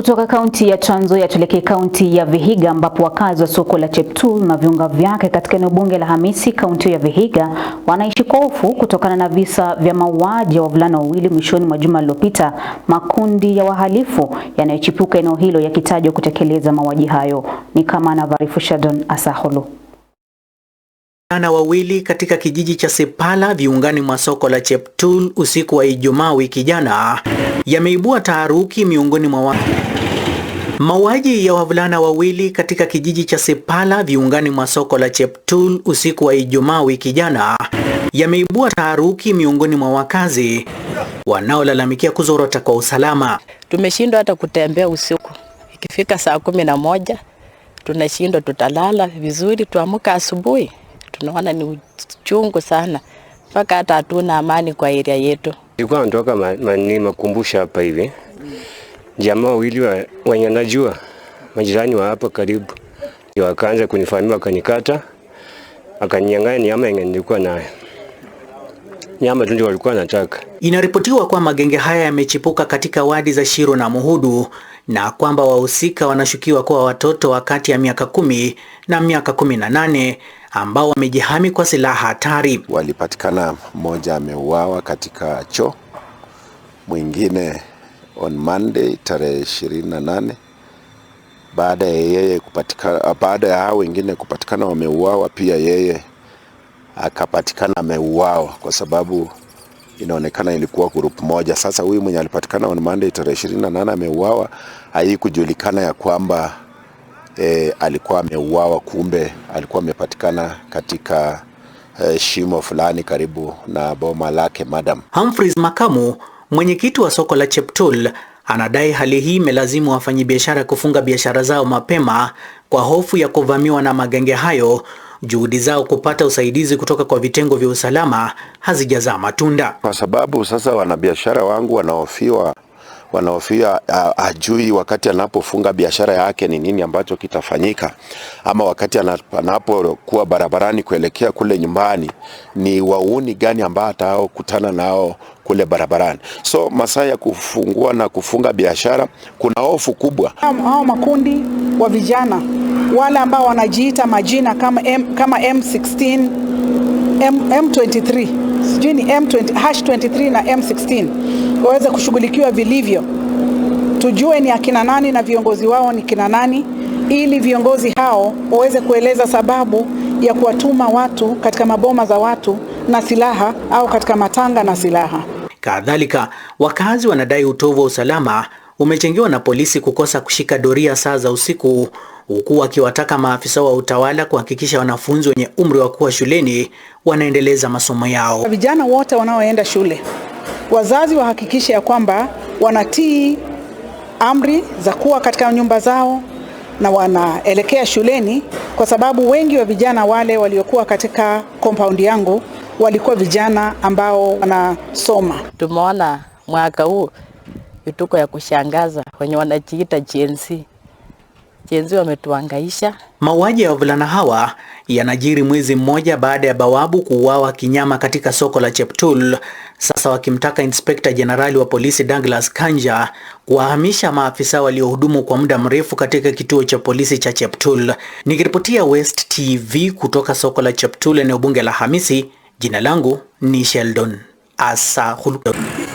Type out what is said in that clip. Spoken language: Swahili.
Kutoka kaunti ya Trans Nzoia tuelekee kaunti ya Vihiga ambapo wakazi wa soko la cheptul na viunga vyake katika eneo bunge la Hamisi kaunti ya Vihiga wanaishi kwa hofu kutokana na visa vya mauaji ya wavulana wawili mwishoni mwa juma lililopita, makundi ya wahalifu yanayochipuka eneo hilo yakitajwa kutekeleza mauaji hayo. Ni kama anavyoarifu Shadon Asaholo. Vijana wawili katika kijiji cha Sepala viungani mwa soko la Cheptul usiku wa Ijumaa wiki jana yameibua taharuki miongoni mwa watu Mauaji ya wavulana wawili katika kijiji cha Sepala viungani mwa soko la Cheptul usiku wa Ijumaa wiki jana yameibua taharuki miongoni mwa wakazi wanaolalamikia kuzorota kwa usalama. Tumeshindwa hata kutembea usiku, ikifika saa kumi na moja tunashindwa tutalala vizuri, tuamka asubuhi tunaona ni uchungu sana, mpaka hata hatuna amani kwa eria yetu. Ilikuwa natoka makumbusha hapa hivi jamaa wawili wenye wa najua majirani wa hapa karibu ndio wakaanza kunifahamia, wakanikata, akaninyang'anya nyama yenye nilikuwa nayo, nyama tu ndio walikuwa wanataka. Inaripotiwa kuwa magenge haya yamechipuka katika wadi za Shiro na Muhudu na kwamba wahusika wanashukiwa kuwa watoto wa kati ya miaka kumi na miaka kumi na nane ambao wamejihami kwa silaha hatari. Walipatikana mmoja ameuawa katika choo, mwingine on Monday tarehe 28 baada ya yeye kupatikana, baada ya hao wengine kupatikana wameuawa, pia yeye akapatikana ameuawa, kwa sababu inaonekana ilikuwa group moja. Sasa huyu mwenye alipatikana on Monday tarehe 28 ameuawa, haikujulikana ya kwamba e, alikuwa ameuawa, kumbe alikuwa amepatikana katika e, shimo fulani karibu na boma lake madam Humphreys Makamu Mwenyekiti wa soko la Cheptul anadai hali hii imelazimu wafanyabiashara kufunga biashara zao mapema kwa hofu ya kuvamiwa na magenge hayo. Juhudi zao kupata usaidizi kutoka kwa vitengo vya usalama hazijazaa matunda, kwa sababu sasa wanabiashara wangu wanaofiwa wanaofia ajui wakati anapofunga biashara yake ni nini ambacho kitafanyika, ama wakati anapokuwa barabarani kuelekea kule nyumbani, ni wauni gani ambao ataokutana kutana nao kule barabarani. So masaa ya kufungua na kufunga biashara, kuna hofu kubwa. Hao makundi wa vijana wale ambao wanajiita majina kama, M, kama M16 M, M23 sijui ni M20, hash 23 na M16 waweze kushughulikiwa vilivyo, tujue ni akina nani na viongozi wao ni kina nani, ili viongozi hao waweze kueleza sababu ya kuwatuma watu katika maboma za watu na silaha au katika matanga na silaha. Kadhalika, wakazi wanadai utovu wa usalama umechangiwa na polisi kukosa kushika doria saa za usiku, huku wakiwataka maafisa wa utawala kuhakikisha wanafunzi wenye umri wa kuwa shuleni wanaendeleza masomo yao. Vijana wote wanaoenda shule, wazazi wahakikishe ya kwamba wanatii amri za kuwa katika nyumba zao na wanaelekea shuleni, kwa sababu wengi wa vijana wale waliokuwa katika compound yangu walikuwa vijana ambao wanasoma. Tumeona mwaka huu ituko ya kushangaza wenye wanajiita Gen Z. wametuangaisha. Mauaji ya wavulana hawa yanajiri mwezi mmoja baada ya bawabu kuuawa kinyama katika soko la Cheptul, sasa wakimtaka Inspekta Jenerali wa polisi Douglas Kanja kuwahamisha maafisa waliohudumu kwa muda mrefu katika kituo cha polisi cha Cheptul. Nikiripotia West TV kutoka soko la Cheptul, eneo bunge la Hamisi. Jina langu ni Sheldon Asa Huludon.